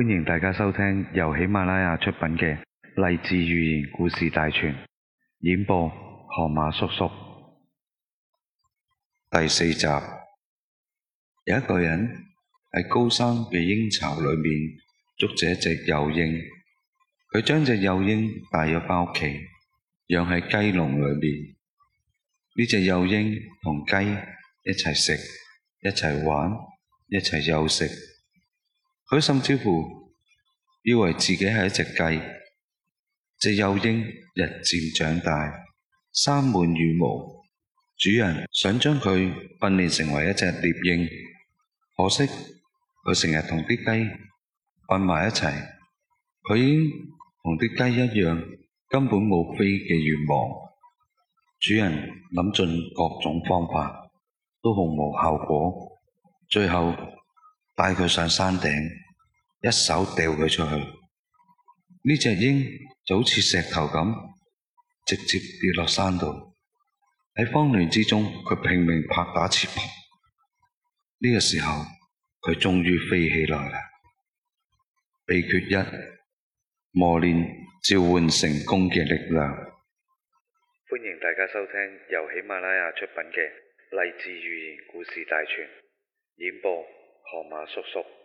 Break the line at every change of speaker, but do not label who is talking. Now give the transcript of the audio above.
歡迎大家收聽由喜馬拉雅出品嘅《勵志寓言故事大全》，
演播河馬叔叔。第四集，有一個人喺高山嘅鷹巢裏面捉住一隻幼鷹，佢將隻幼鷹帶咗返屋企，養喺雞籠裏邊。呢隻幼鷹同雞一齊食，一齊玩，一齊休息。佢甚至乎以為自己係一隻雞，隻幼鷹日漸長大，生滿羽毛。主人想將佢訓練成為一隻獵鷹，可惜佢成日同啲雞混埋一齊，佢已經同啲雞一樣，根本冇飛嘅願望。主人諗盡各種方法，都毫無效果。最後帶佢上山頂。一手掉佢出去，呢隻鷹就好似石頭咁，直接跌落山度。喺慌亂之中，佢拼命拍打翅膀。呢個時候，佢終於飛起來啦。秘訣一：磨練召喚成功嘅力量。
歡迎大家收聽由喜馬拉雅出品嘅《勵志寓言故事大全》，演播：河馬叔叔。